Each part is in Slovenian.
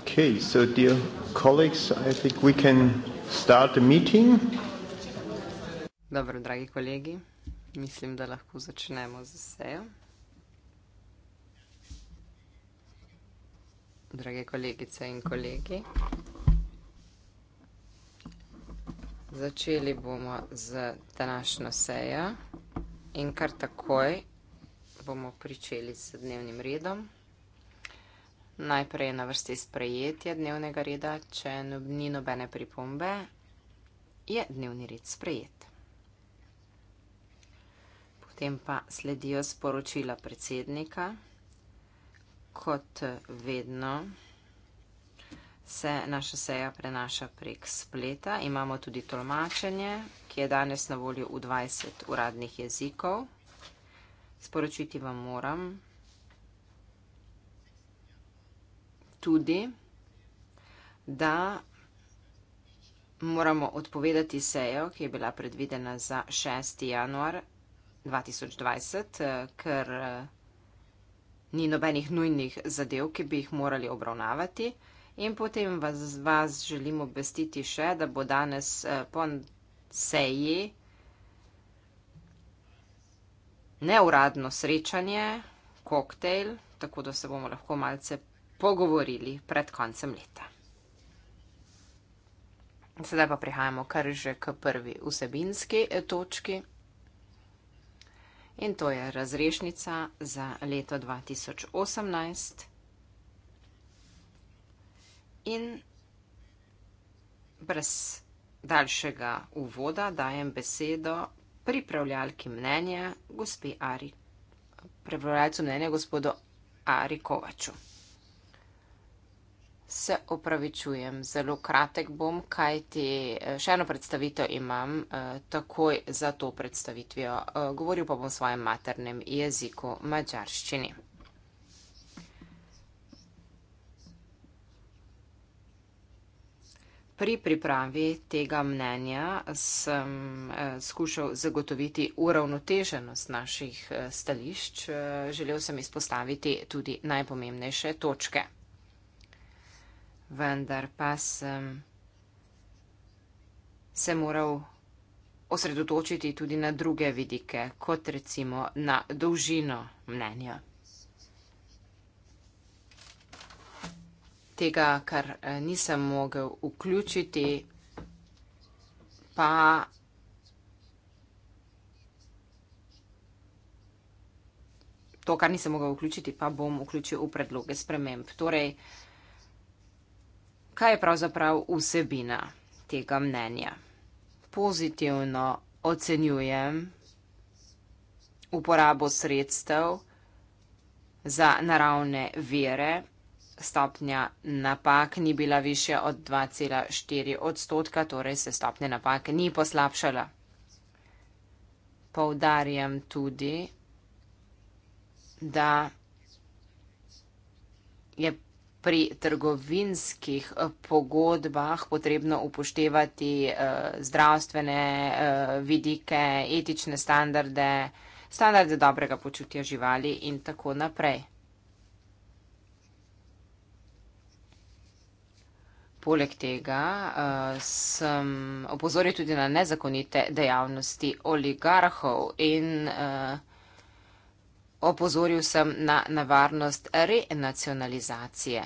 Okay, so dear colleagues, I think we can start the meeting. Dobro, dragi kolegi, mislim, da lahko začnemo z sejo. Drage kolegice in kolegi, začeli bomo z današnjo sejo in kar takoj bomo pričeli s dnevnim redom. Najprej je na vrsti sprejetje dnevnega reda, če no, ni nobene pripombe, je dnevni red sprejet. Potem pa sledijo sporočila predsednika. Kot vedno se naša seja prenaša prek spleta. Imamo tudi tolmačenje, ki je danes na voljo v 20 uradnih jezikov. Sporočiti vam moram, tudi, da moramo odpovedati sejo, ki je bila predvidena za 6. januar 2020, ker ni nobenih nujnih zadev, ki bi jih morali obravnavati. In potem vas, vas želim obvestiti še, da bo danes po seji neuradno srečanje, koktejl, tako da se bomo lahko malce pogovorili pred koncem leta. Sedaj pa prihajamo kar že k prvi vsebinski eh, točki in to je razrešnica za leto 2018 in brez daljšega uvoda dajem besedo pripravljalki mnenja gospe Ari, pripravljalcu mnenja gospodu Ari Kovaču. Se opravičujem, zelo kratek bom, kajti eh, še eno predstavitev imam eh, takoj za to predstavitvijo. Eh, govoril pa bom v svojem maternem jeziku mačarščini. Pri pripravi tega mnenja sem skušal zagotoviti uravnoteženost naših stališč. Želel sem izpostaviti tudi najpomembnejše točke vendar pa sem se moral osredotočiti tudi na druge vidike, kot recimo na dolžino mnenja. Tega, kar eh, nisem mogel vključiti, pa to, kar nisem mogel vključiti, pa bom vključil v predloge sprememb. Torej, kaj je pravzaprav vsebina tega mnenja. Pozitivno ocenjujem uporabo sredstev za naravne vere. Stopnja napak ni bila više od 2,4 odstotka, torej se stopnja napak ni poslabšala. Poudarjam tudi, da je pri trgovinskih eh, pogodbah potrebno upoštevati eh, zdravstvene eh, vidike, etične standarde, standarde dobrega počutja živali in tako naprej. Poleg tega sem opozoril tudi na nezakonite dejavnosti oligarhov in vsega, Opozoril sem na nevarnost renacionalizacije.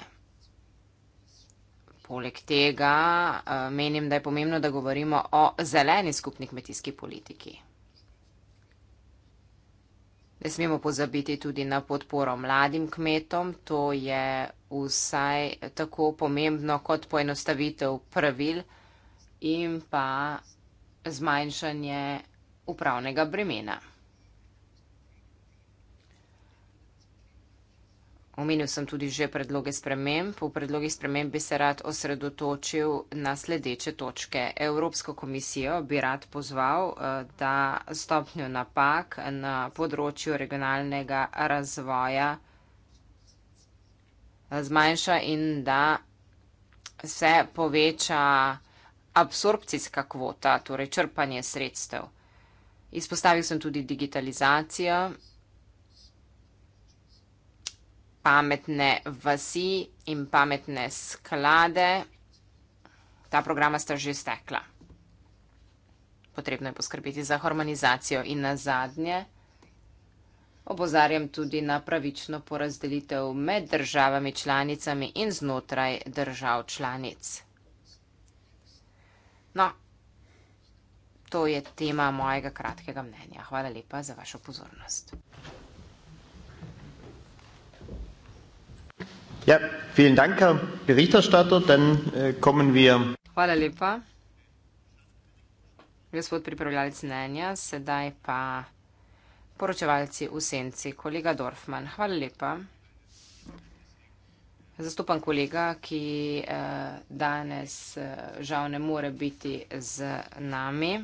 Poleg tega eh, menim, da je pomembno, da govorimo o zeleni skupni kmetijski politiki. Ne smemo pozabiti tudi na podporo mladim kmetom, to je vsaj tako pomembno kot poenostavitev pravil in pa zmanjšanje upravnega bremena. Omenil sem tudi že predloge sprememb. V predlogih sprememb bi se rad osredotočil na sledeče točke. Evropsko komisijo bi rad pozval, eh, da stopnjo napak na področju regionalnega razvoja eh, zmanjša in da se poveča absorpcijska kvota, torej črpanje sredstev. Izpostavil sem tudi digitalizacijo pametne vasi in pametne sklade. Ta programa sta že stekla. Potrebno je poskrbeti za harmonizacijo in na zadnje. Obozarjam tudi na pravično porazdelitev med državami članicami in znotraj držav članic. No, to je tema mojega kratkega mnenja. Hvala lepa za vašo pozornost. Ja, vielen Dank, Herr Berichterstatter. Dann äh, kommen wir. Hvala lepa, gospod pripravljalec mnenja, sedaj pa poročevalci v senci, kolega Dorfman. Hvala lepa. Zastupam kolega, ki eh, danes eh, žal ne more biti z nami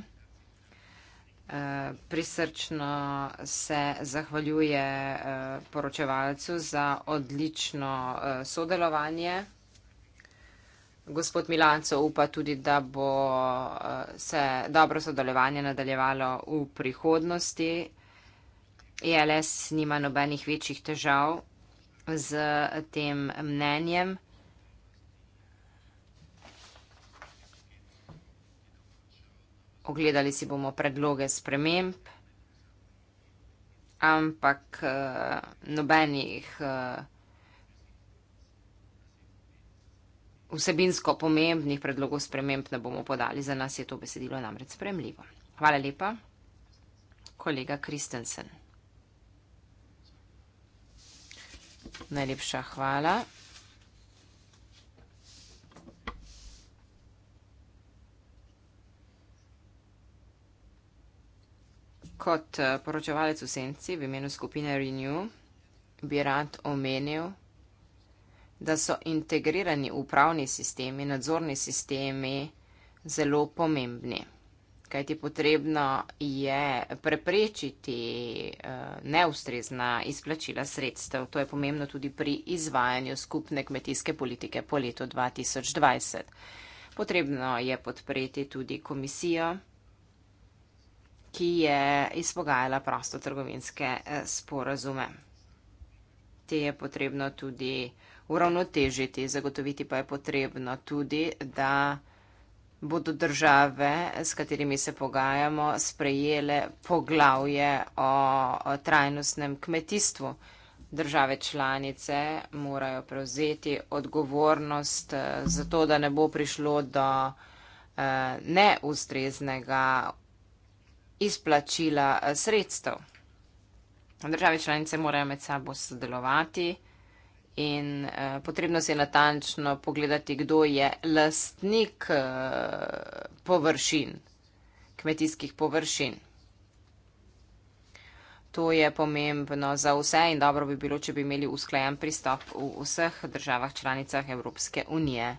prisrčno se zahvaljuje eh, poročevalcu za odlično eh, sodelovanje. Gospod Milanco upa tudi, da bo eh, se dobro sodelovanje nadaljevalo v prihodnosti. ILS e nima nobenih večjih težav z tem mnenjem. ogledali si bomo predloge sprememb, ampak eh, nobenih eh, vsebinsko pomembnih predlogov sprememb ne bomo podali. Za nas je to besedilo namreč spremljivo. Hvala lepa, kolega Kristensen. Najlepša hvala. kot eh, poročevalec v senci v imenu skupine Renew bi rad omenil, da so integrirani upravni sistemi, nadzorni sistemi zelo pomembni. Kaj ti potrebno je preprečiti eh, neustrezna izplačila sredstev. To je pomembno tudi pri izvajanju skupne kmetijske politike po letu 2020. Potrebno je podpreti tudi komisijo, ki je izpogajala prostotrgovinske eh, sporazume. Te je potrebno tudi uravnotežiti, zagotoviti pa je potrebno tudi, da bodo države, s katerimi se pogajamo, sprejele poglavje o trajnostnem kmetijstvu. Države članice morajo prevzeti odgovornost eh, za to, da ne bo prišlo do eh, neustreznega izplačila eh, sredstev. Države članice morajo med sabo sodelovati in eh, potrebno se je natančno pogledati, kdo je lastnik eh, površin, kmetijskih površin. To je pomembno za vse in dobro bi bilo, če bi imeli usklajen pristop v vseh državah članicah Evropske unije.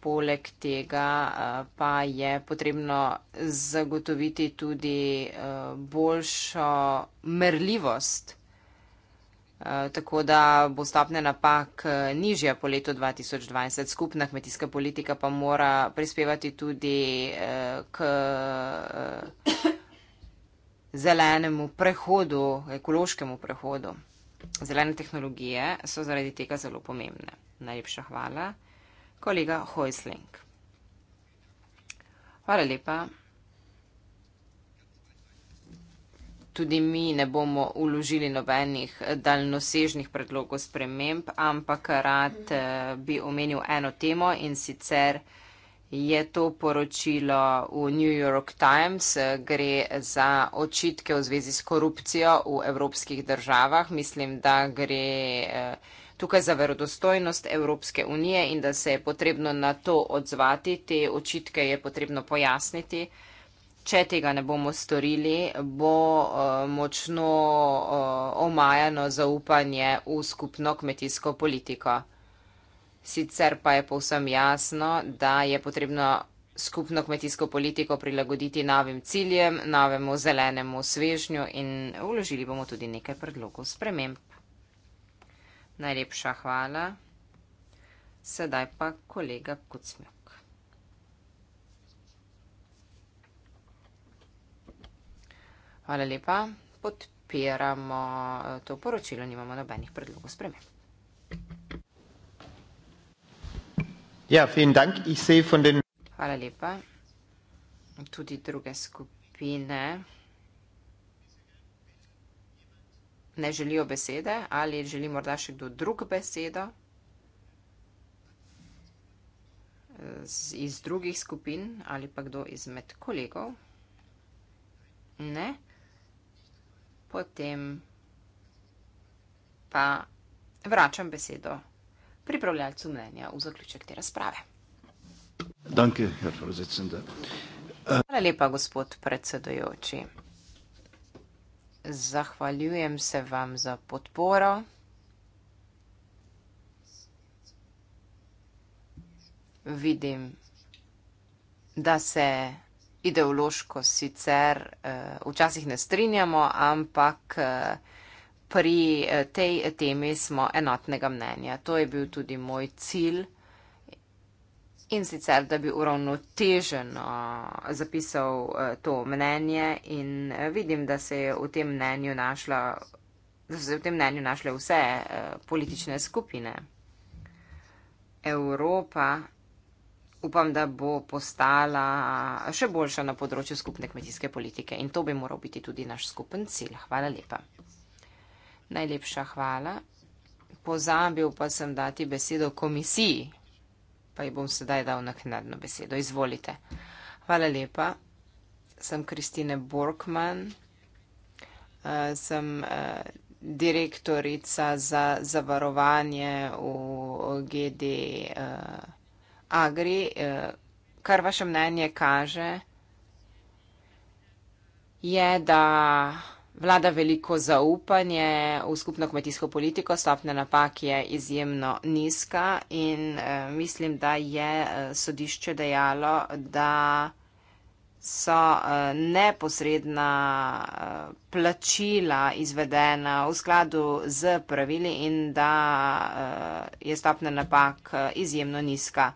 Poleg tega eh, pa je potrebno zagotoviti tudi eh, boljšo merljivost, eh, tako da bo stopne napak nižja po letu 2020. Skupna kmetijska politika pa mora prispevati tudi k zelenemu prehodu, ekološkemu prehodu. Zelene tehnologije so zaradi tega zelo pomembne. Najlepša hvala kolega Hojsling. Hvala lepa. Tudi mi ne bomo uložili nobenih daljnosežnih predlogov sprememb, ampak rad eh, bi omenil eno temo in sicer je to poročilo v New York Times, gre za očitke v zvezi s korupcijo v evropskih državah. Mislim, da gre. Eh, tukaj za verodostojnost Evropske unije in da se je potrebno na to odzvati, te očitke je potrebno pojasniti. Če tega ne bomo storili, bo uh, močno uh, omajano zaupanje v skupno kmetijsko politiko. Sicer pa je povsem jasno, da je potrebno skupno kmetijsko politiko prilagoditi novim ciljem, novemu zelenemu svežnju in vložili bomo tudi nekaj predlogov sprememb. Najlepša hvala. Sedaj pa kolega Kucmjok. Hvala lepa. Podpiramo eh, to poročilo, nimamo nobenih predlogov spremem. Ja, vielen Dank. Ich sehe von den... Hvala lepa. Tudi druge skupine. Hvala lepa. ne želijo besede ali želi morda še kdo drug besedo iz drugih skupin ali pa kdo izmed kolegov. Ne. Potem pa vračam besedo pripravljalcu mnenja v zaključek te razprave. Danke, Herr Vorsitzende. Hvala lepa, gospod predsedojoči. Zahvaljujem se vam za podporo. Vidim, da se ideološko sicer eh, včasih ne strinjamo, ampak eh, pri eh, tej temi smo enotnega mnenja. To je bil tudi moj cilj in sicer, da bi uravnoteženo eh, zapisal eh, to mnenje in eh, vidim, da se je v tem mnenju našla. Da so se v tem mnenju našle vse politične skupine. Evropa, upam, da bo postala še boljša na področju skupne kmetijske politike in to bi moral biti tudi naš skupen cilj. Hvala lepa. Najlepša hvala. Pozabil pa sem dati besedo komisiji pa ji bom sedaj dal naknadno besedo. Izvolite. Hvala lepa. Sem Kristine Borkman. Uh, sem uh, direktorica za zavarovanje v GD uh, eh, Agri. Uh, kar vaše mnenje kaže, je, da vlada veliko zaupanje v skupno kmetijsko politiko, stopne napak je izjemno nizka in uh, mislim, da je uh, sodišče dejalo, da so uh, neposredna uh, plačila izvedena v skladu z pravili in da uh, je stopne napak uh, izjemno nizka.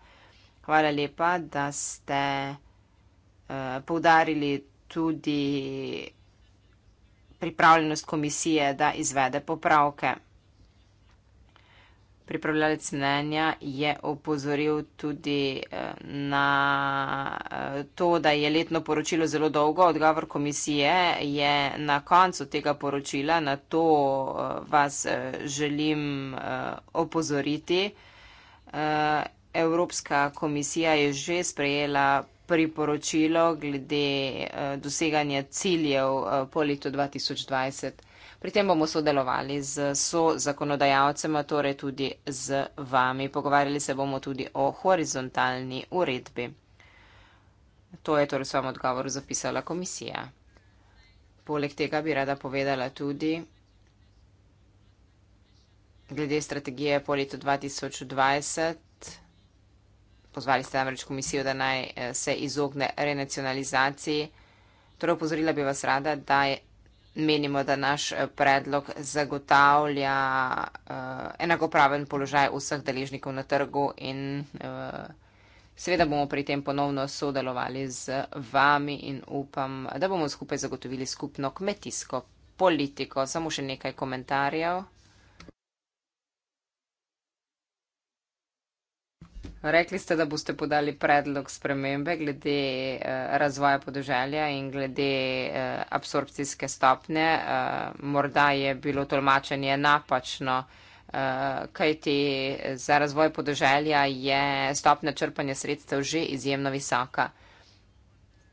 Hvala lepa, da ste uh, poudarili tudi pripravljenost komisije, da izvede popravke. Pripravljalec mnenja je opozoril tudi eh, na eh, to, da je letno poročilo zelo dolgo. Odgovor komisije je na koncu tega poročila, na to eh, vas želim opozoriti. Evropska komisija je že sprejela priporočilo glede eh, doseganja ciljev eh, po letu 2020. Pri tem bomo sodelovali z so zakonodajalcema, torej tudi z vami. Pogovarjali se bomo tudi o horizontalni uredbi. To je torej svojem odgovoru zapisala komisija. Poleg tega bi rada povedala tudi glede strategije po letu 2020. Pozvali ste namreč komisijo, da naj eh, se izogne renacionalizaciji. Torej, upozorila bi vas rada, da je, menimo, da naš eh, predlog zagotavlja uh, enakopraven položaj vseh deležnikov na trgu in uh, seveda bomo pri tem ponovno sodelovali z vami in upam, da bomo skupaj zagotovili skupno kmetijsko politiko. Samo še nekaj komentarjev. Rekli ste, da boste podali predlog spremembe glede eh, razvoja podeželja in glede eh, absorpcijske stopnje. Eh, morda je bilo tolmačenje napačno, kajti za razvoj podeželja je stopnja črpanja sredstev že izjemno visoka.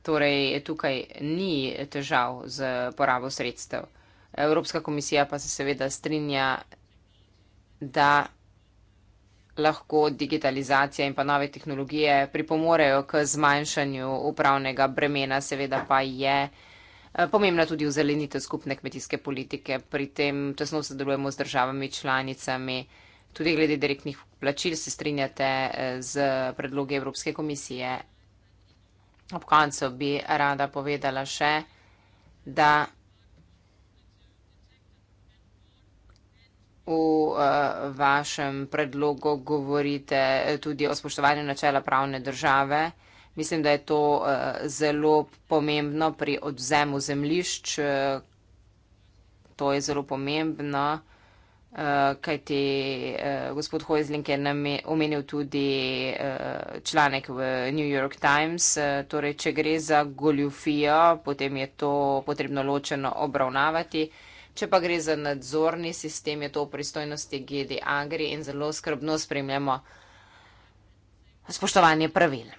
Torej, tukaj ni težav z porabo sredstev. Evropska komisija pa se seveda strinja, da lahko digitalizacija in pa nove tehnologije pripomorejo k zmanjšanju upravnega bremena, seveda pa je eh, pomembna tudi vzelenitev skupne kmetijske politike. Pri tem tesno sodelujemo z državami članicami, tudi glede direktnih plačil se strinjate eh, z predlogi Evropske komisije. Ob koncu bi rada povedala še, da v eh, vašem predlogu govorite tudi o spoštovanju načela pravne države. Mislim, da je to eh, zelo pomembno pri odzemu zemlišč. Eh, to je zelo pomembno, kajti gospod Hojzlink je omenil tudi članek v New York Times. Torej, če gre za goljufijo, potem je to potrebno ločeno obravnavati. Če pa gre za nadzorni sistem, je to v pristojnosti GD Agri in zelo skrbno spremljamo spoštovanje pravil.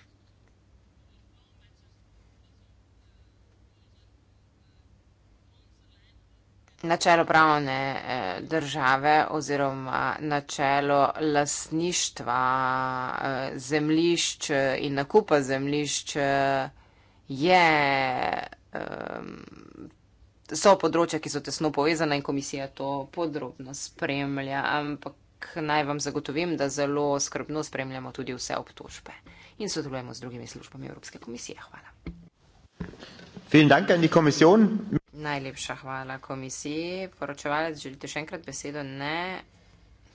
Načelo pravne eh, države oziroma načelo lasništva eh, zemlišč eh, in nakupa zemlišč je so področja, ki so tesno povezana in komisija to podrobno spremlja, ampak naj vam zagotovim, da zelo skrbno spremljamo tudi vse obtožbe in sodelujemo z drugimi službami Evropske komisije. Hvala. Najlepša hvala komisiji. Poročevalec, želite še enkrat besedo? Ne.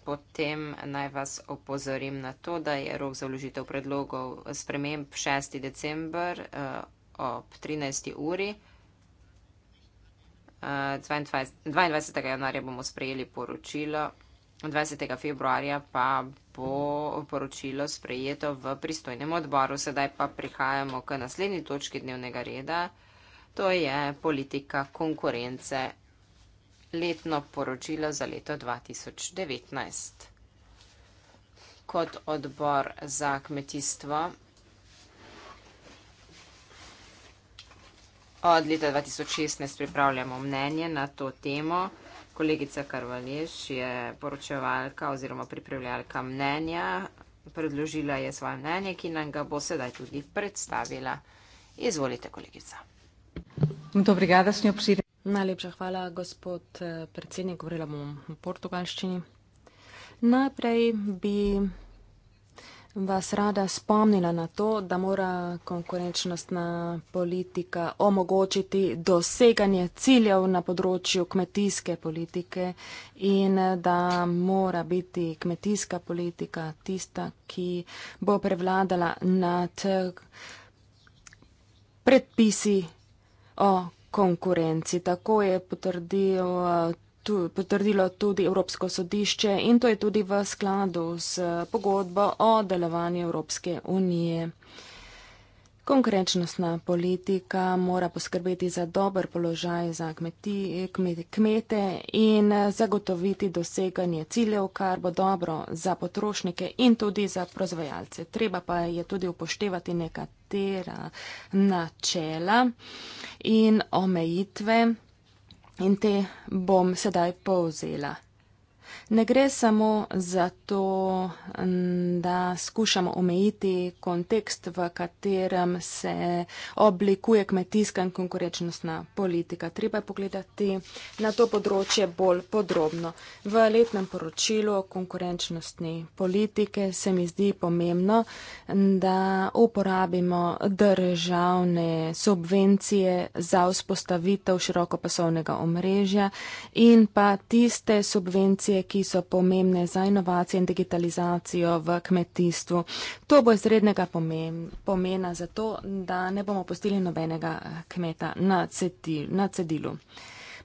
Potem naj vas opozorim na to, da je rok za vložitev predlogov sprememb 6. december eh, ob 13. uri. 22, eh, 22. januarja bomo sprejeli poročilo, 20. februarja pa bo poročilo sprejeto v pristojnem odboru. Sedaj pa prihajamo k naslednji točki dnevnega reda, to je politika konkurence, letno poročilo za leto 2019. Kot odbor za kmetijstvo od leta 2016 pripravljamo mnenje na to temo. Kolegica Karvalješ je poročevalka oziroma pripravljalka mnenja. Predložila je svoje mnenje, ki nam ga bo sedaj tudi predstavila. Izvolite, kolegica. Dobrigada, snijo prišli. Najlepša hvala, gospod eh, predsednik. Govorila bom v portugalščini. Najprej bi vas rada spomnila na to, da mora konkurenčnostna politika omogočiti doseganje ciljev na področju kmetijske politike in da mora biti kmetijska politika tista, ki bo prevladala nad predpisi o konkurenci. Tako je potrdil potrdilo tudi Evropsko sodišče in to je tudi v skladu s pogodbo o delovanju Evropske unije. Konkurenčnostna politika mora poskrbeti za dober položaj za kmeti, kmet, kmete in zagotoviti doseganje ciljev, kar bo dobro za potrošnike in tudi za proizvajalce. Treba pa je tudi upoštevati nekatera načela in omejitve in te bom sedaj povzela. Ne gre samo za to, da skušamo omejiti kontekst, v katerem se oblikuje kmetijska in konkurenčnostna politika. Treba je pogledati na to področje bolj podrobno. V letnem poročilu o konkurenčnostni politike se mi zdi pomembno, da uporabimo državne subvencije za vzpostavitev širokopasovnega omrežja in pa tiste subvencije, tehnologije, ki so pomembne za inovacije in digitalizacijo v kmetijstvu. To bo izrednega pomena zato, da ne bomo postili nobenega kmeta na cedilu.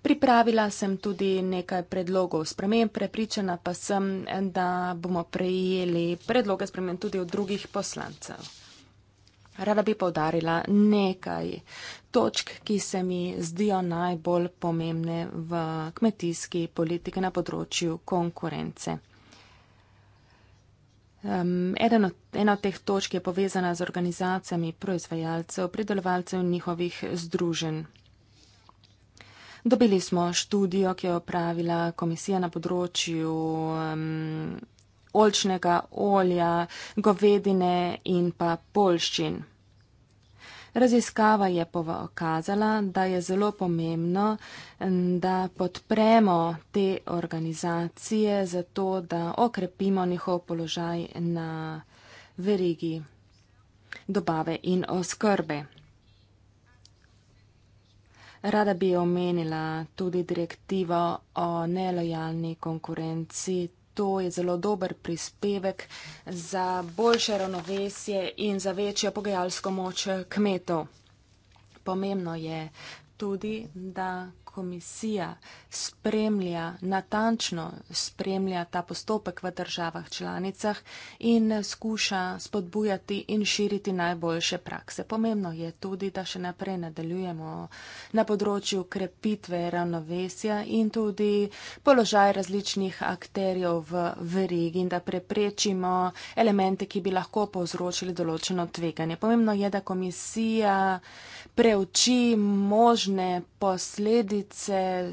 Pripravila sem tudi nekaj predlogov sprememb, prepričana pa sem, da bomo prejeli predloge sprememb tudi od drugih poslancev. Rada bi povdarila nekaj točk, ki se mi zdijo najbolj pomembne v kmetijski politiki na področju konkurence. Um, eden od, ena od teh točk je povezana z organizacijami proizvajalcev, predelovalcev in njihovih združenj. Dobili smo študijo, ki je opravila komisija na področju um, olčnega olja, govedine in pa polščin. Raziskava je pokazala, da je zelo pomembno, da podpremo te organizacije za to, da okrepimo njihov položaj na verigi dobave in oskrbe. Rada bi omenila tudi direktivo o nelojalni konkurenci to je zelo dober prispevek za boljše ravnovesje in za večjo pogajalsko moč kmetov. Pomembno je tudi, da komisija spremlja, natančno spremlja ta postopek v državah članicah in skuša spodbujati in širiti najboljše prakse. Pomembno je tudi, da še naprej nadaljujemo na področju krepitve ravnovesja in tudi položaj različnih akterjev v verigi in da preprečimo elemente, ki bi lahko povzročili določeno tveganje. Pomembno je, da komisija preuči možne posledice, množice,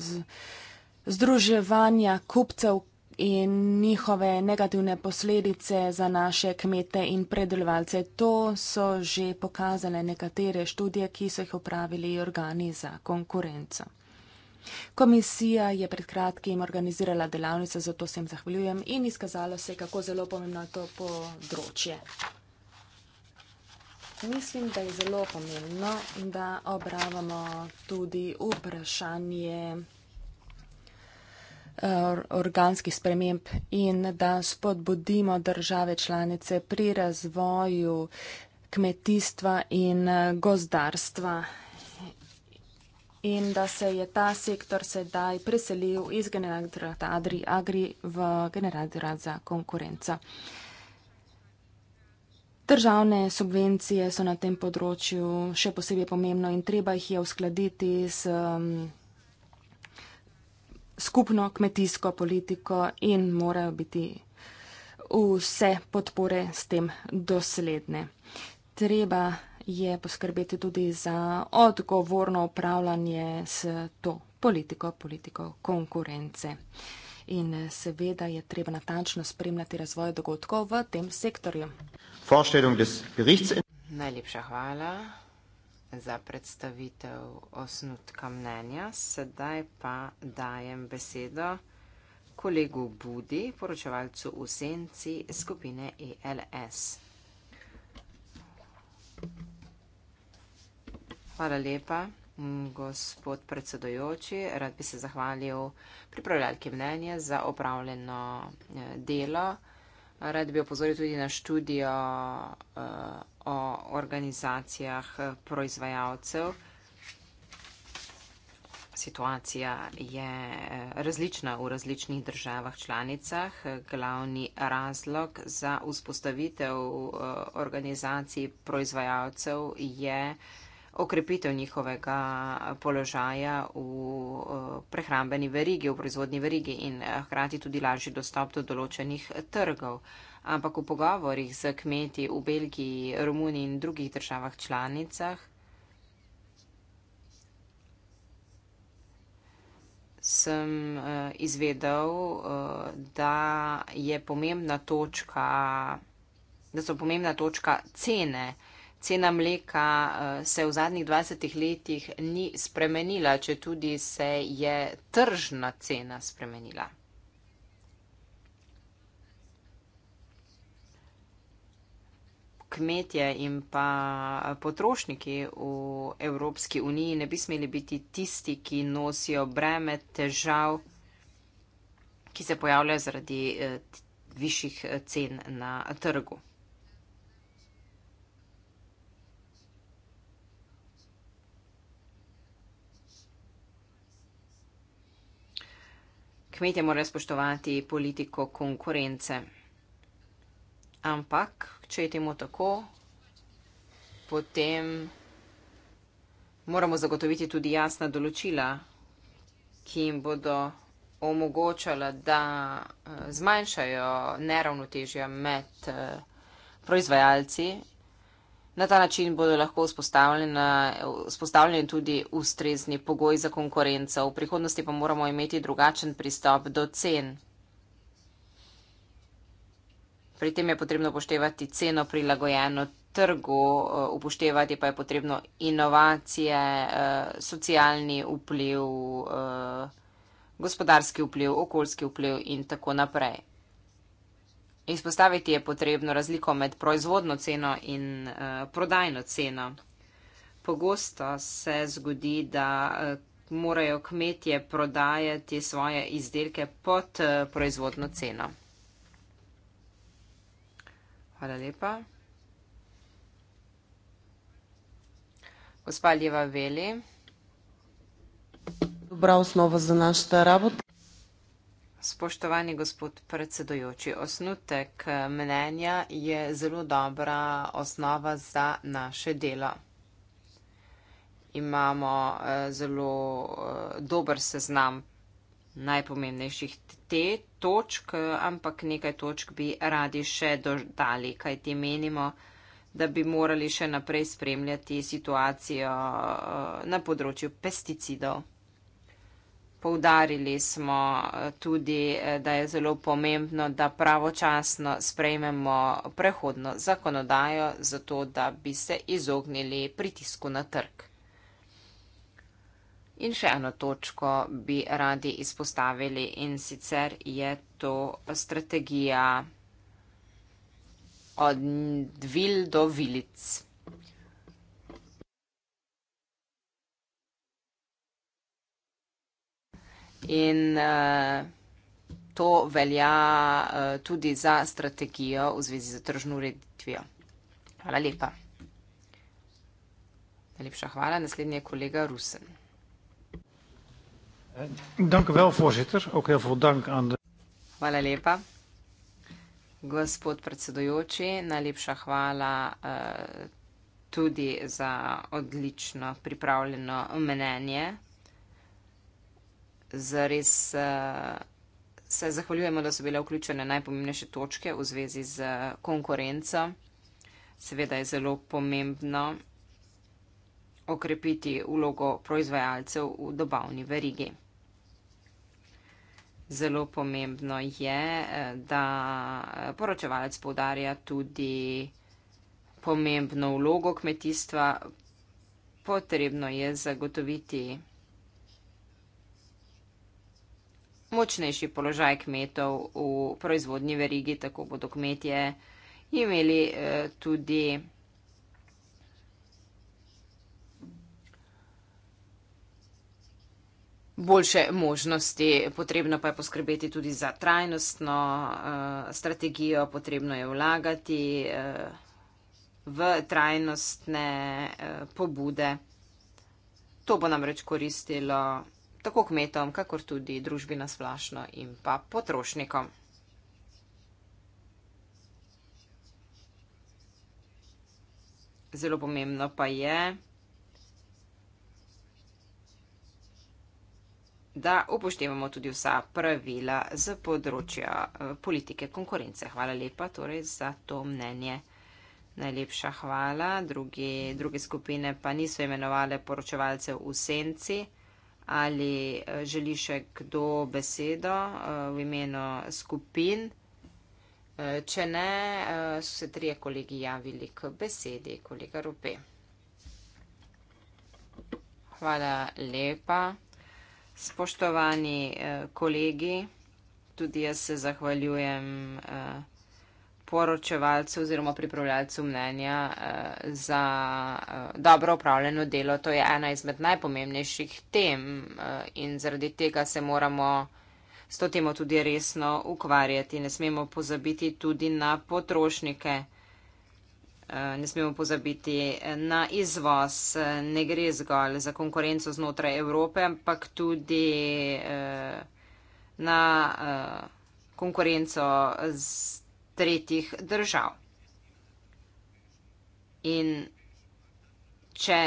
združevanja kupcev in njihove negativne posledice za naše kmete in predelovalce. To so že pokazale nekatere študije, ki so jih upravili organi za konkurenco. Komisija je pred kratkim organizirala delavnico, zato se jim zahvaljujem in izkazalo se, kako zelo pomembno je to področje. Mislim, da je zelo pomembno, da obravamo tudi vprašanje eh, organskih sprememb in da spodbudimo države članice pri razvoju kmetijstva in eh, gozdarstva in da se je ta sektor sedaj preselil iz generaldirata Adri Agri v generaldirat za konkurenca. Državne subvencije so na tem področju še posebej pomembno in treba jih je uskladiti s um, skupno kmetijsko politiko in morajo biti vse podpore s tem dosledne. Treba je poskrbeti tudi za odgovorno upravljanje s to politiko, politiko konkurence in eh, seveda je treba natančno spremljati razvoj dogodkov v tem sektorju. Najlepša hvala za predstavitev osnutka mnenja. Sedaj pa dajem besedo kolegu Budi, poročevalcu v senci skupine ELS. Hvala lepa. Gospod predsedojoči, rad bi se zahvalil pripravljalki mnenja za opravljeno eh, delo. Rad bi opozoril tudi na študijo eh, o organizacijah eh, proizvajalcev. Situacija je različna v različnih državah članicah. Glavni razlog za vzpostavitev organizacij proizvajalcev je okrepitev njihovega položaja v eh, prehrambeni verigi, v proizvodni verigi in eh, hkrati tudi lažji dostop do določenih trgov. Ampak v pogovorih z kmeti v Belgiji, Romuniji in drugih državah članicah sem eh, izvedel, da je pomembna točka, da so pomembna točka cene cena mleka eh, se v zadnjih 20 letih ni spremenila, če tudi se je tržna cena spremenila. Kmetje in pa potrošniki v Evropski uniji ne bi smeli biti tisti, ki nosijo breme težav, ki se pojavljajo zaradi eh, višjih eh, cen na trgu. kmetje morajo spoštovati politiko konkurence. Ampak, če je temu tako, potem moramo zagotoviti tudi jasna določila, ki jim bodo omogočala, da eh, zmanjšajo neravnotežja med eh, proizvajalci Na ta način bodo lahko vzpostavljeni tudi ustrezni pogoji za konkurenco. V prihodnosti pa moramo imeti drugačen pristop do cen. Pri tem je potrebno upoštevati ceno prilagojeno trgu, upoštevati pa je potrebno inovacije, eh, socialni vpliv, eh, gospodarski vpliv, okoljski vpliv in tako naprej. Izpostaviti je potrebno razliko med proizvodno ceno in uh, prodajno ceno. Pogosto se zgodi, da uh, morajo kmetje prodajati svoje izdelke pod uh, proizvodno ceno. Hvala lepa. Gospa Ljeva Veli. Dobra osnova za našo delo. Spoštovani gospod predsedujoči, osnutek eh, mnenja je zelo dobra osnova za naše delo. Imamo eh, zelo eh, dober seznam najpomembnejših te točk, ampak nekaj točk bi radi še dodali, kaj ti menimo, da bi morali še naprej spremljati situacijo na področju pesticidov. Poudarili smo eh, tudi, eh, da je zelo pomembno, da pravočasno sprejmemo prehodno zakonodajo, zato da bi se izognili pritisku na trg. In še eno točko bi radi izpostavili in sicer je to strategija od vil do vilic. In uh, to velja uh, tudi za strategijo v zvezi z tržno ureditvijo. Hvala lepa. Najlepša hvala. Naslednji je kolega Rusen. Dank wel, voorzitter. Ook heel veel dank aan de. Hvala lepa. Gospod predsedujoči, najlepša hvala uh, tudi za odlično pripravljeno mnenje zares uh, se zahvaljujemo, da so bile vključene najpomembnejše točke v zvezi z eh, konkurenco. Seveda je zelo pomembno okrepiti vlogo proizvajalcev v dobavni verigi. Zelo pomembno je, eh, da poročevalec povdarja tudi pomembno vlogo kmetijstva. Potrebno je zagotoviti močnejši položaj kmetov v proizvodni verigi, tako bodo kmetje imeli eh, tudi boljše možnosti. Potrebno pa je poskrbeti tudi za trajnostno eh, strategijo, potrebno je vlagati eh, v trajnostne pobude. To bo namreč koristilo tako kmetom, kakor tudi družbi nasplašno in pa potrošnikom. Zelo pomembno pa je, da upoštevamo tudi vsa pravila z področja eh, politike konkurence. Hvala lepa torej za to mnenje. Najlepša hvala. Drugi, druge skupine pa niso imenovali poročevalcev v senci ali eh, želi še kdo besedo eh, v imenu skupin. Eh, če ne, so se trije kolegi javili k besedi, kolega Rupe. Hvala lepa. Spoštovani kolegi, tudi jaz se zahvaljujem poročevalcu oziroma pripravljalcu mnenja uh, za uh, dobro upravljeno delo. To je ena izmed najpomembnejših tem uh, in zaradi tega se moramo s to temo tudi resno ukvarjati. Ne smemo pozabiti tudi na potrošnike. Ne smemo pozabiti na izvoz, ne gre zgolj za konkurenco znotraj Evrope, ampak tudi na konkurenco z tretjih držav. In če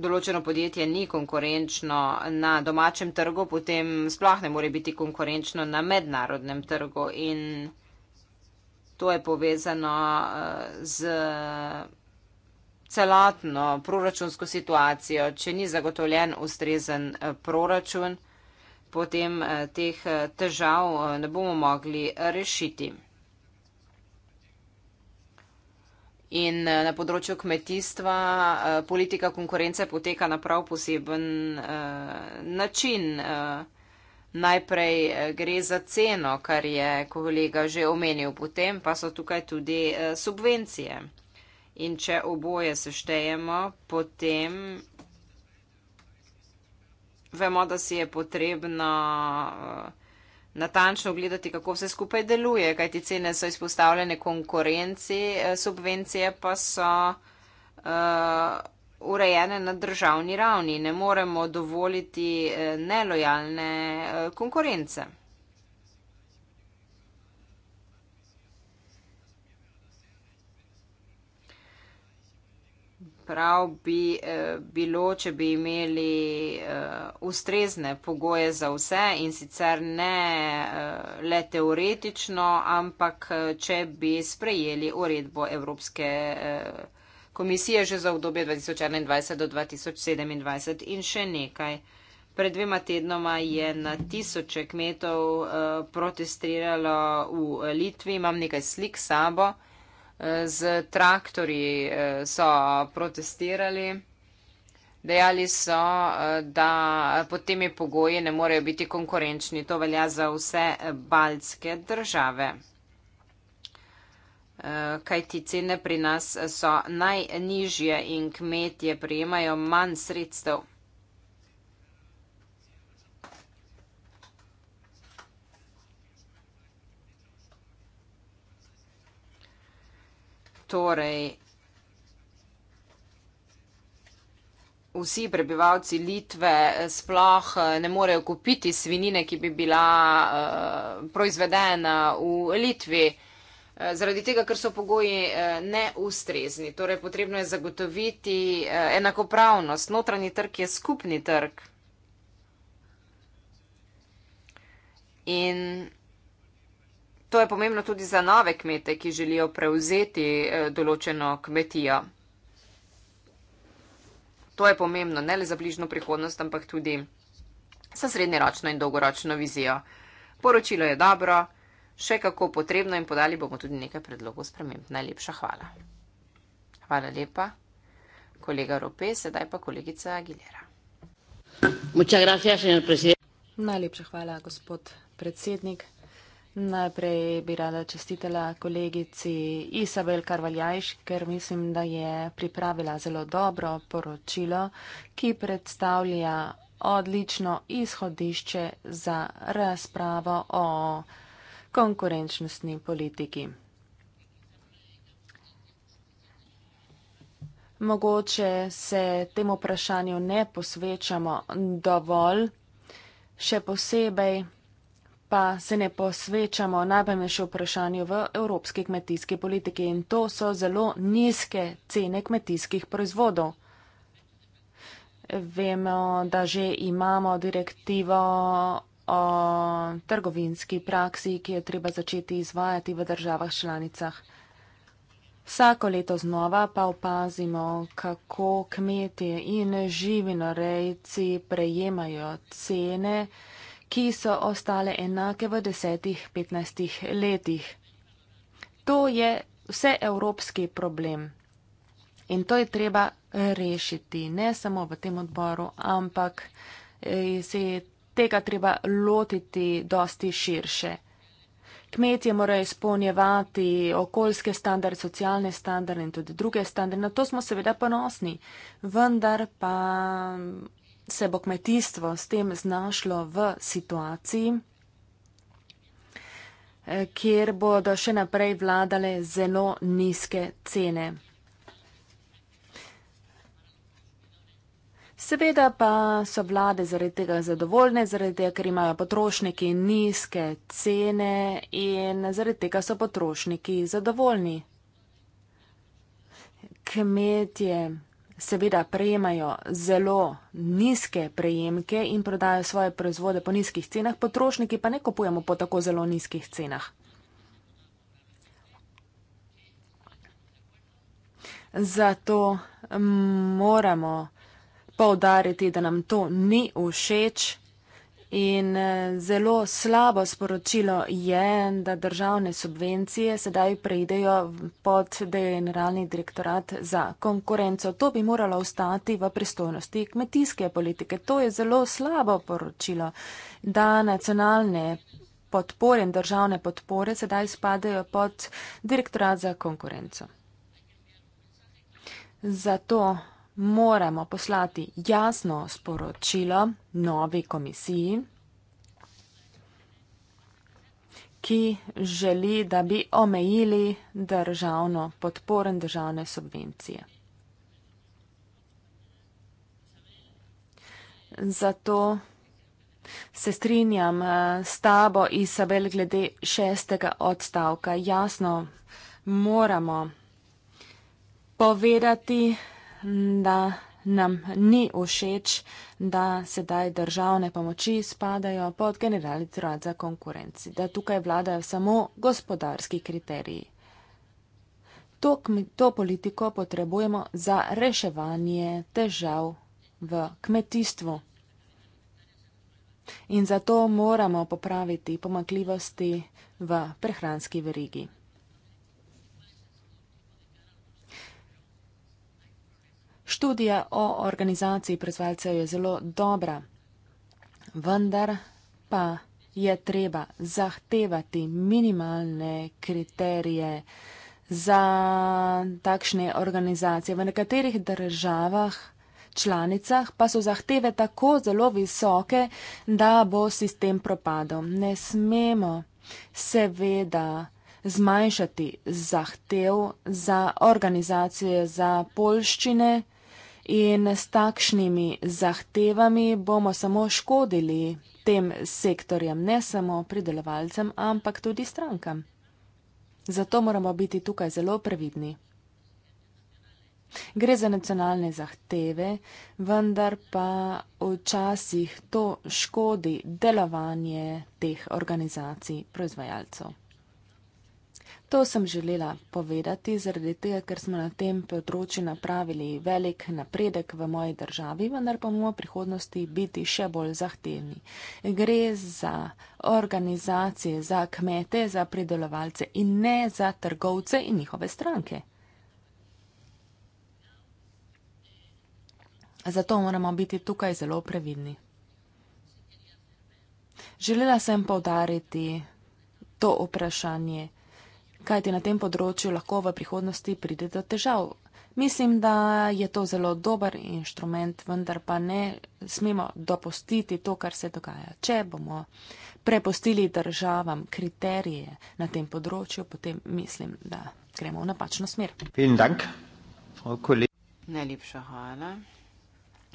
določeno podjetje ni konkurenčno na domačem trgu, potem sploh ne more biti konkurenčno na mednarodnem trgu. In to je povezano eh, z celotno proračunsko situacijo, če ni zagotovljen ustrezen eh, proračun potem eh, teh eh, težav eh, ne bomo mogli rešiti. In na področju kmetijstva politika konkurence poteka na prav poseben način. Najprej gre za ceno, kar je kolega že omenil, potem pa so tukaj tudi subvencije. In če oboje seštejemo, potem vemo, da si je potrebno eh, natančno ogledati, kako vse skupaj deluje, kajti cene so izpostavljene konkurenci, eh, subvencije pa so eh, urejene na državni ravni. Ne moremo dovoliti nelojalne konkurence. prav bi eh, bilo, če bi imeli eh, ustrezne pogoje za vse in sicer ne eh, le teoretično, ampak eh, če bi sprejeli uredbo Evropske eh, komisije že za obdobje 2021 do 2027 in še nekaj. Pred dvema tednoma je na tisoče kmetov eh, protestiralo v Litvi, imam nekaj slik sabo z traktorji eh, so protestirali. Dejali so, eh, da pod temi pogoji ne morejo biti konkurenčni. To velja za vse baltske države. Eh, Kaj ti cene pri nas so najnižje in kmetje prijemajo manj sredstev. torej vsi prebivalci Litve sploh eh, ne morejo kupiti svinine, ki bi bila eh, proizvedena v Litvi. Eh, zaradi tega, ker so pogoji neustrezni, torej potrebno je zagotoviti enakopravnost. Notranji trg je skupni trg. In To je pomembno tudi za nove kmete, ki želijo prevzeti eh, določeno kmetijo. To je pomembno ne le za bližnjo prihodnost, ampak tudi za srednjeročno in dolgoročno vizijo. Poročilo je dobro, še kako potrebno in podali bomo tudi nekaj predlogov sprememb. Najlepša hvala. Hvala lepa, kolega Rope, sedaj pa kolegica Aguilera. Najlepša hvala, gospod predsednik. Najprej bi rada čestitela kolegici Isabel Karvaljajš, ker mislim, da je pripravila zelo dobro poročilo, ki predstavlja odlično izhodišče za razpravo o konkurenčnostni politiki. Mogoče se tem vprašanju ne posvečamo dovolj, še posebej pa se ne posvečamo najpomembnejšemu vprašanju v evropski kmetijski politiki in to so zelo nizke cene kmetijskih proizvodov. Vemo, da že imamo direktivo o trgovinski praksi, ki jo treba začeti izvajati v državah članicah. Vsako leto znova pa opazimo, kako kmetije in živinorejci prejemajo cene, ki so ostale enake v desetih, petnajstih letih. To je vseevropski problem in to je treba rešiti, ne samo v tem odboru, ampak eh, se je tega treba lotiti dosti širše. Kmetje morajo izpolnjevati okoljske standarde, socialne standarde in tudi druge standarde. Na to smo seveda ponosni, vendar pa se bo kmetijstvo s tem znašlo v situaciji, eh, kjer bodo še naprej vladale zelo nizke cene. Seveda pa so vlade zaradi tega zadovoljne, zaradi tega, ker imajo potrošniki nizke cene in zaradi tega so potrošniki zadovoljni. Kmetje seveda prejemajo zelo nizke prejemke in prodajo svoje proizvode po nizkih cenah, potrošniki pa ne kupujemo po tako zelo nizkih cenah. Zato mm, moramo poudariti, da nam to ni všeč. In eh, zelo slabo sporočilo je, da državne subvencije sedaj preidejo pod generalni direktorat za konkurenco. To bi moralo ostati v pristojnosti kmetijske politike. To je zelo slabo poročilo, da nacionalne podpore in državne podpore sedaj spadajo pod direktorat za konkurenco. Zato moramo poslati jasno sporočilo novi komisiji, ki želi, da bi omejili državno podporo in državne subvencije. Zato se strinjam eh, s tabo, Isabel, glede šestega odstavka. Jasno moramo povedati, da nam ni všeč, da sedaj državne pomoči spadajo pod generalni trad za konkurenci, da tukaj vladajo samo gospodarski kriteriji. To to politiko potrebujemo za reševanje težav v kmetijstvu. In zato moramo popraviti pomanjkljivosti v prehranski verigi. Študija o organizaciji proizvajalcev je zelo dobra, vendar pa je treba zahtevati minimalne kriterije za takšne organizacije. V nekaterih državah članicah pa so zahteve tako zelo visoke, da bo sistem propadel. Ne smemo seveda zmanjšati zahtev za organizacije za polščine, In s takšnimi zahtevami bomo samo škodili tem sektorjem, ne samo pridelovalcem, ampak tudi strankam. Zato moramo biti tukaj zelo previdni. Gre za nacionalne zahteve, vendar pa včasih to škodi delovanje teh organizacij proizvajalcev. To sem želela povedati, zaradi tega, ker smo na tem področju napravili velik napredek v moji državi, vendar pa bomo v prihodnosti biti še bolj zahtevni. Gre za organizacije, za kmete, za pridelovalce in ne za trgovce in njihove stranke. Zato moramo biti tukaj zelo previdni. Želela sem povdariti to vprašanje kajti na tem področju lahko v prihodnosti pride do težav. Mislim, da je to zelo dober inštrument, vendar pa ne smemo dopustiti to, kar se dogaja. Če bomo prepustili državam kriterije na tem področju, potem mislim, da gremo v napačno smer. Najlepša hvala.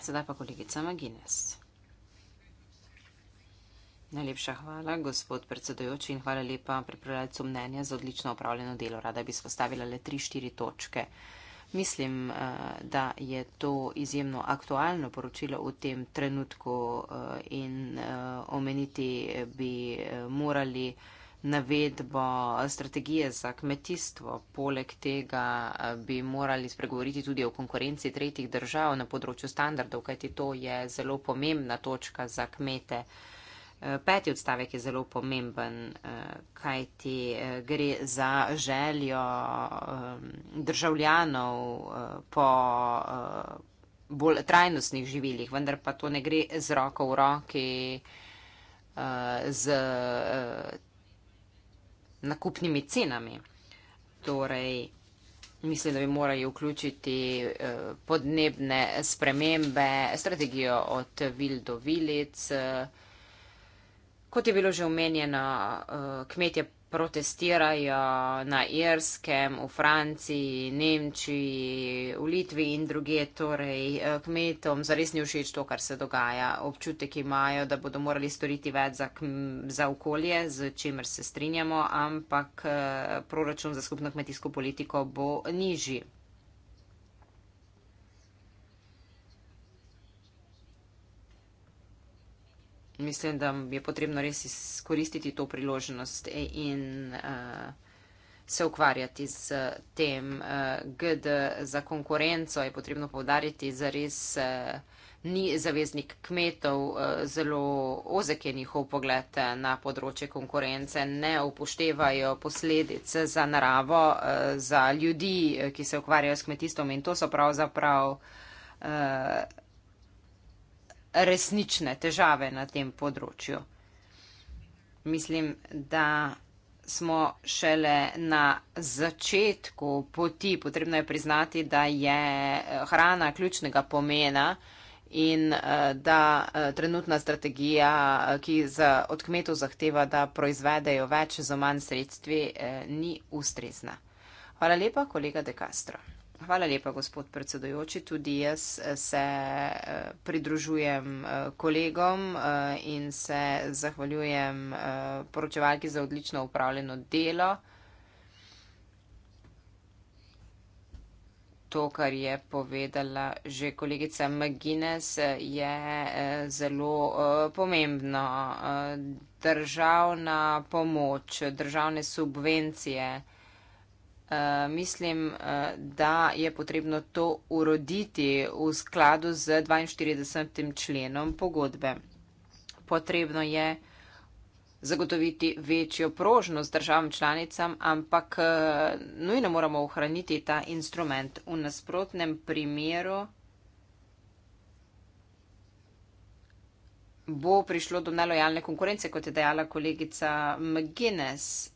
Sedaj pa kolegica Magines. Najlepša hvala, gospod predsedojoči, in hvala lepa pripravljalcu mnenja za odlično upravljeno delo. Rada bi spostavila le 3-4 točke. Mislim, eh, da je to izjemno aktualno poročilo v tem trenutku eh, in eh, omeniti bi morali navedbo strategije za kmetijstvo. Poleg tega bi morali spregovoriti tudi o konkurenci tretjih držav na področju standardov, kajti to je zelo pomembna točka za kmete. Peti odstavek je zelo pomemben, eh, kaj ti eh, gre za željo eh, državljanov po bolj trajnostnih živilih, vendar pa to ne gre z roko v roki z nakupnimi cenami. Torej, mislim, da bi morali vključiti podnebne spremembe, strategijo od vil do vilic, Kot je bilo že omenjeno, eh, kmetje protestirajo na Irskem, v Franciji, Nemčiji, v Litvi in druge. Torej, eh, kmetom zares ni všeč to, kar se dogaja. Občutek imajo, da bodo morali storiti več za, za okolje, z čimer se strinjamo, ampak eh, proračun za skupno kmetijsko politiko bo nižji. mislim, da je potrebno res izkoristiti to priložnost in uh, se ukvarjati z tem. Uh, eh, GD za konkurenco je potrebno povdariti, za res uh, eh, ni zaveznik kmetov, uh, zelo ozek je njihov pogled na področje konkurence, ne upoštevajo posledic za naravo, uh, za ljudi, ki se ukvarjajo s kmetistom in to so pravzaprav. Uh, resnične težave na tem področju. Mislim, da smo šele na začetku poti. Potrebno je priznati, da je eh, hrana ključnega pomena in eh, da eh, trenutna strategija, ki za, od kmetov zahteva, da proizvedejo več za manj sredstvi, ni ustrezna. Hvala lepa, kolega De Castro. Hvala lepa, gospod predsedojoči. Tudi jaz eh, se eh, pridružujem eh, kolegom in se zahvaljujem poročevalki za odlično upravljeno delo. To, kar je povedala že kolegica McGuinness, je zelo pomembno. Državna pomoč, državne subvencije. Uh, mislim, uh, da je potrebno to uroditi v skladu z 42. členom pogodbe. Potrebno je zagotoviti večjo prožnost državam članicam, ampak uh, nujno moramo ohraniti ta instrument. V nasprotnem primeru bo prišlo do nelojalne konkurence, kot je dejala kolegica McGuinness.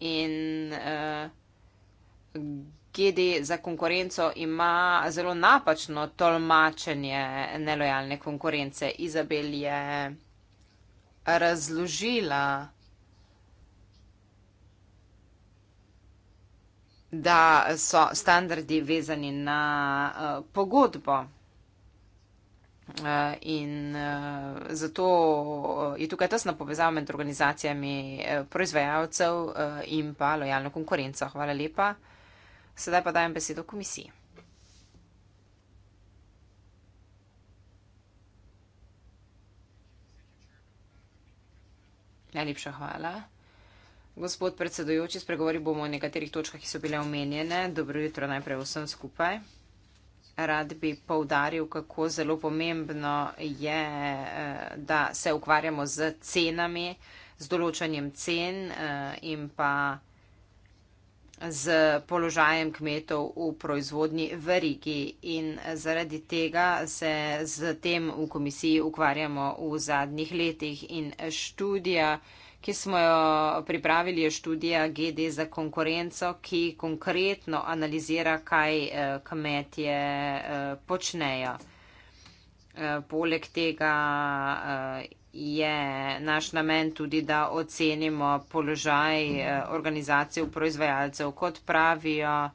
In GD za konkurenco ima zelo napačno tolmačenje nelojalne konkurence. Izabel je razložila, da so standardi vezani na uh, pogodbo. Uh, in uh, zato je tukaj tesna povezava med organizacijami uh, proizvajalcev uh, in pa lojalno konkurenco. Hvala lepa. Sedaj pa dajem besedo komisiji. Najlepša hvala. Gospod predsedujoči, spregovoril bomo o nekaterih točkah, ki so bile omenjene. Dobro jutro najprej vsem skupaj. Rad bi povdaril, kako zelo pomembno je, eh, da se ukvarjamo z cenami, z določanjem cen eh, in pa z položajem kmetov v proizvodni verigi in zaradi tega se z tem v komisiji ukvarjamo v zadnjih letih in študija, ki smo jo pripravili, je študija GD za konkurenco, ki konkretno analizira, kaj eh, kmetje eh, počnejo. Eh, poleg tega je naš namen tudi, da ocenimo položaj eh, organizacij v proizvajalcev, kot pravijo eh,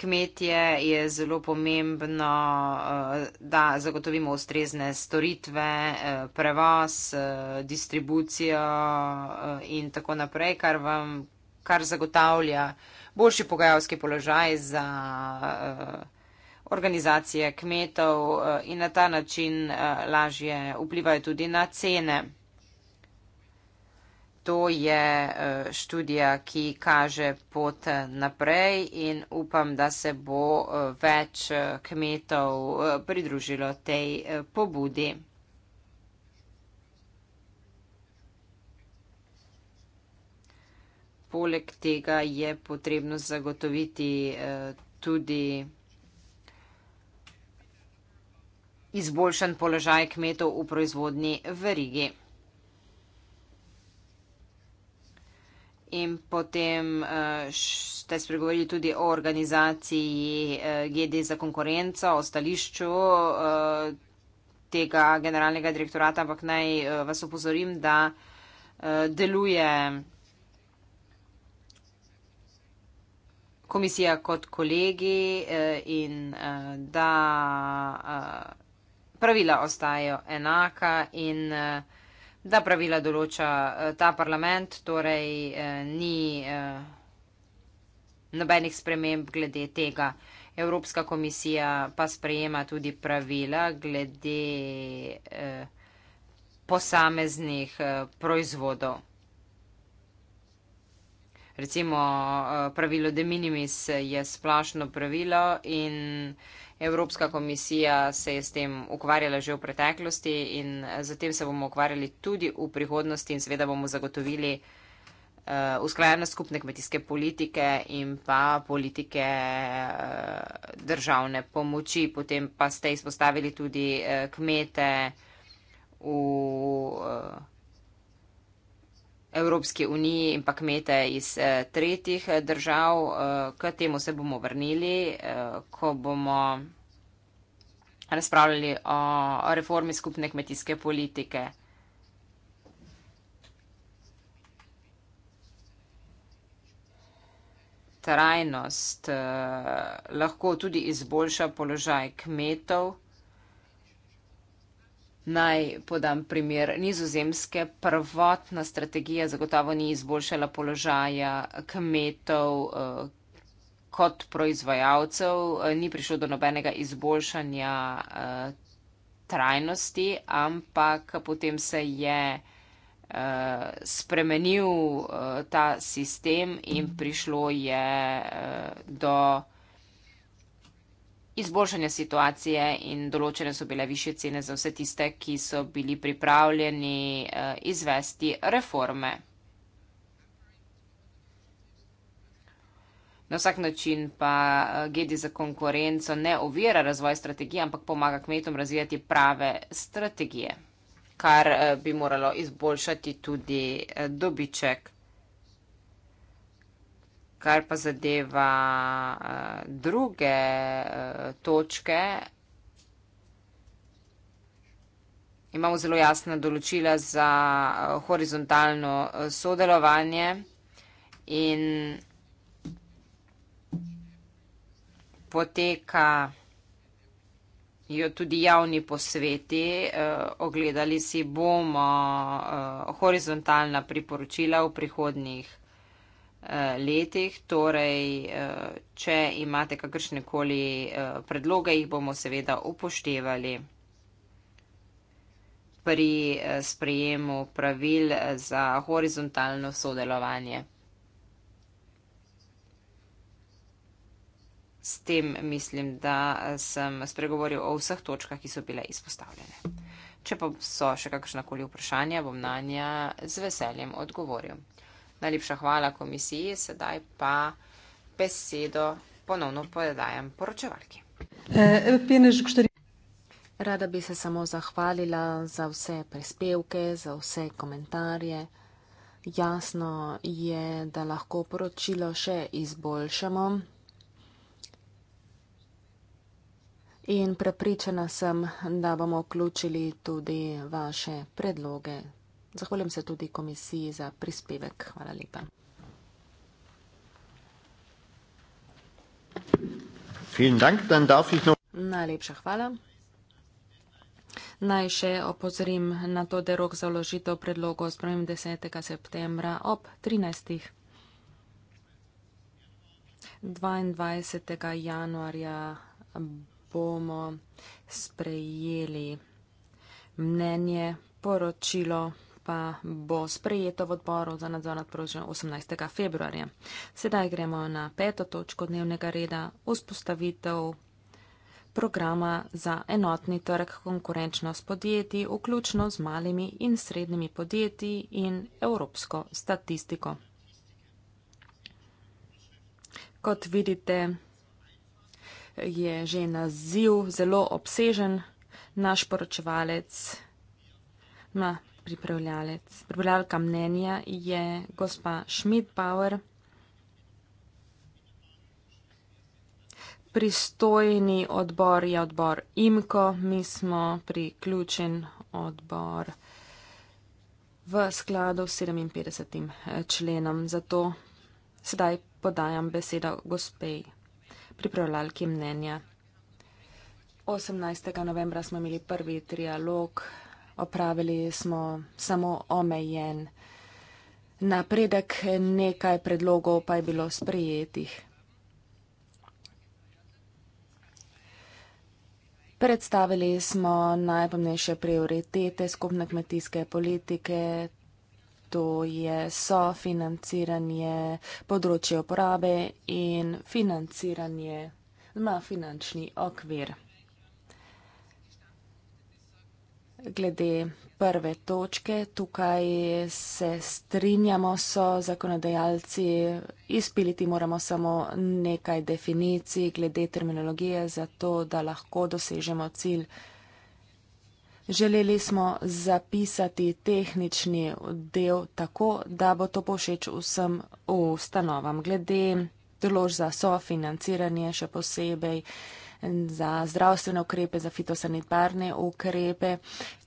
kmetje, je zelo pomembno, eh, da zagotovimo ustrezne storitve, prevoz, distribucijo in tako naprej, kar vam kar zagotavlja boljši pogajalski položaj za organizacije kmetov eh, in na ta način eh, lažje vplivajo tudi na cene. To je eh, študija, ki kaže pot naprej in upam, da se bo več kmetov pridružilo tej pobudi. Poleg tega je potrebno zagotoviti tudi izboljšan položaj kmetov v proizvodni verigi. In potem eh, ste spregovorili tudi o organizaciji eh, GD za konkurenco, o stališču eh, tega generalnega direktorata, ampak naj vas upozorim, da deluje komisija kot kolegi in da pravila ostajajo enaka in eh, da pravila določa eh, ta parlament, torej eh, ni nobenih sprememb glede tega. Evropska komisija pa sprejema tudi pravila glede posameznih proizvodov recimo eh, pravilo de minimis je splošno pravilo in Evropska komisija se je s tem ukvarjala že v preteklosti in zatem eh, se bomo ukvarjali tudi v prihodnosti in seveda bomo zagotovili eh, usklajena skupne kmetijske politike in pa politike državne pomoči. Potem pa ste izpostavili tudi kmete v Evropski uniji in pa kmete iz eh, tretjih eh, držav. Eh, k temu se bomo vrnili, ko bomo razpravljali o reformi skupne kmetijske politike. Trajnost lahko tudi izboljša položaj kmetov. Naj podam primer nizozemske. Prvotna strategija zagotovo ni izboljšala položaja kmetov eh, kot proizvajalcev, eh, ni prišlo do nobenega izboljšanja eh, trajnosti, ampak potem se je spremenil ta sistem in prišlo je do izboljšanja situacije in določene so bile više cene za vse tiste, ki so bili pripravljeni eh, izvesti reforme. Na vsak način pa eh, GEDI za konkurenco ne ovira razvoj strategije, ampak pomaga kmetom razvijati prave strategije, kar eh, bi moralo izboljšati tudi dobiček Kar pa zadeva uh, druge uh, točke, imamo zelo jasna določila za uh, horizontalno uh, sodelovanje in poteka jo tudi javni posveti. Uh, ogledali si bomo uh, horizontalna priporočila v prihodnjih letih. Torej, eh, če imate kakršne koli eh, predloge, jih bomo seveda upoštevali pri eh, sprejemu pravil za horizontalno sodelovanje. S tem mislim, da sem spregovoril o vseh točkah, ki so bile izpostavljene. Če pa so še kakršna koli vprašanja, bom na nja z veseljem odgovoril. Najlepša hvala komisiji, sedaj pa besedo ponovno podajam poročevalki. E, Rada bi se samo zahvalila za vse prispevke, za vse komentarje. Jasno je, da lahko poročilo še izboljšamo. In prepričana sem, da bomo vključili tudi vaše predloge Zahvaljujem se tudi komisiji za prispevek. Hvala lepa. Najlepša hvala. Naj še opozorim na to, da je rok za vložitev predlogo s 10. septembra ob 13. 22. januarja bomo sprejeli mnenje, poročilo pa bo sprejeto v odboru za nadzor nad proračunom 18. februarja. Sedaj gremo na peto točko dnevnega reda, vzpostavitev programa za enotni trg konkurenčnost podjetij, vključno z malimi in srednjimi podjetji in evropsko statistiko. Kot vidite, je že naziv zelo obsežen. Naš poročevalec na pripravljalec. Pripravljalka mnenja je gospa Schmidt-Bauer, pristojni odbor je odbor IMKO, mi smo priključen odbor v skladu s 57. Eh, členom, zato sedaj podajam besedo gospej pripravljalki mnenja. 18. novembra smo imeli prvi trialog opravili smo samo omejen napredek, nekaj predlogov pa je bilo sprejetih. Predstavili smo najpomnejše prioritete skupne kmetijske politike, to je sofinanciranje področje uporabe in financiranje na finančni okvir. glede prve točke. Tukaj se strinjamo, so zakonodajalci, izpiliti moramo samo nekaj definicij glede terminologije, zato da lahko dosežemo cilj. Želeli smo zapisati tehnični del tako, da bo to povšeč vsem ustanovam. Glede dolož za sofinanciranje, še posebej za zdravstvene ukrepe, za fitosanitarne ukrepe.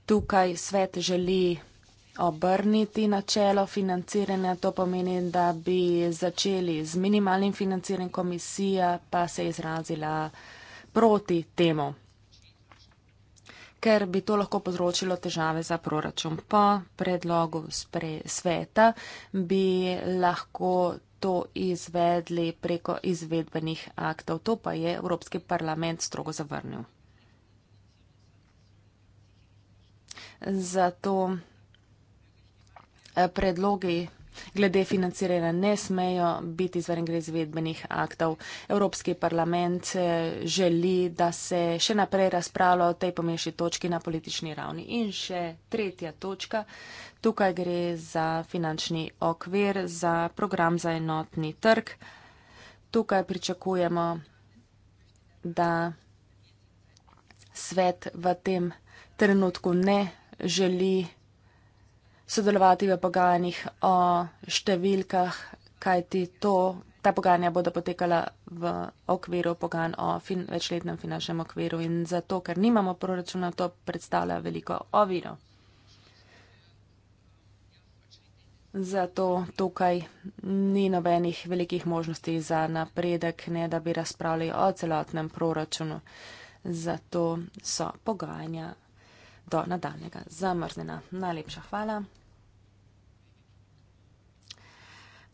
Tukaj svet želi obrniti načelo financiranja, to pomeni, da bi začeli z minimalnim financiranjem, komisija pa se je izrazila proti temu, ker bi to lahko povzročilo težave za proračun. Po predlogu spre, sveta bi lahko to izvedli preko izvedbenih aktov. To pa je Evropski parlament strogo zavrnil. Zato eh, predlogi glede financiranja ne smejo biti izvedeni glede izvedbenih aktov. Evropski parlament eh, želi, da se še naprej razpravlja o tej pomešni točki na politični ravni. In še tretja točka, Tukaj gre za finančni okvir, za program za enotni trg. Tukaj pričakujemo, da svet v tem trenutku ne želi sodelovati v pogajanjih o številkah, kajti to, ta pogajanja bodo potekala v okviru pogajanj o fin, večletnem finančnem okviru in zato, ker nimamo proračuna, to predstavlja veliko oviro. Zato tukaj ni nobenih velikih možnosti za napredek, ne da bi razpravljali o celotnem proračunu. Zato so pogajanja do nadaljnega zamrznjena. Najlepša hvala.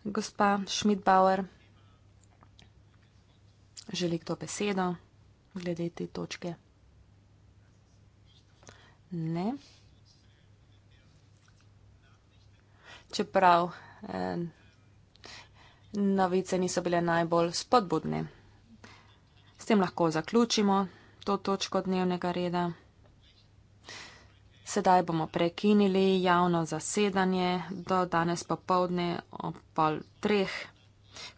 Gospa Schmidbauer, želi kdo besedo glede te točke? Ne. čeprav eh, novice niso bile najbolj spodbudne. S tem lahko zaključimo to točko dnevnega reda. Sedaj bomo prekinili javno zasedanje do danes popovdne o pol treh,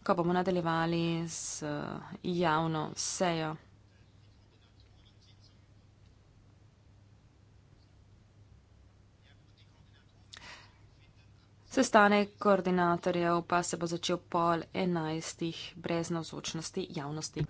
ko bomo nadaljevali z eh, javno sejo. Sestanek koordinatorjev pa se bo začel pol enajstih brez navzočnosti javnosti.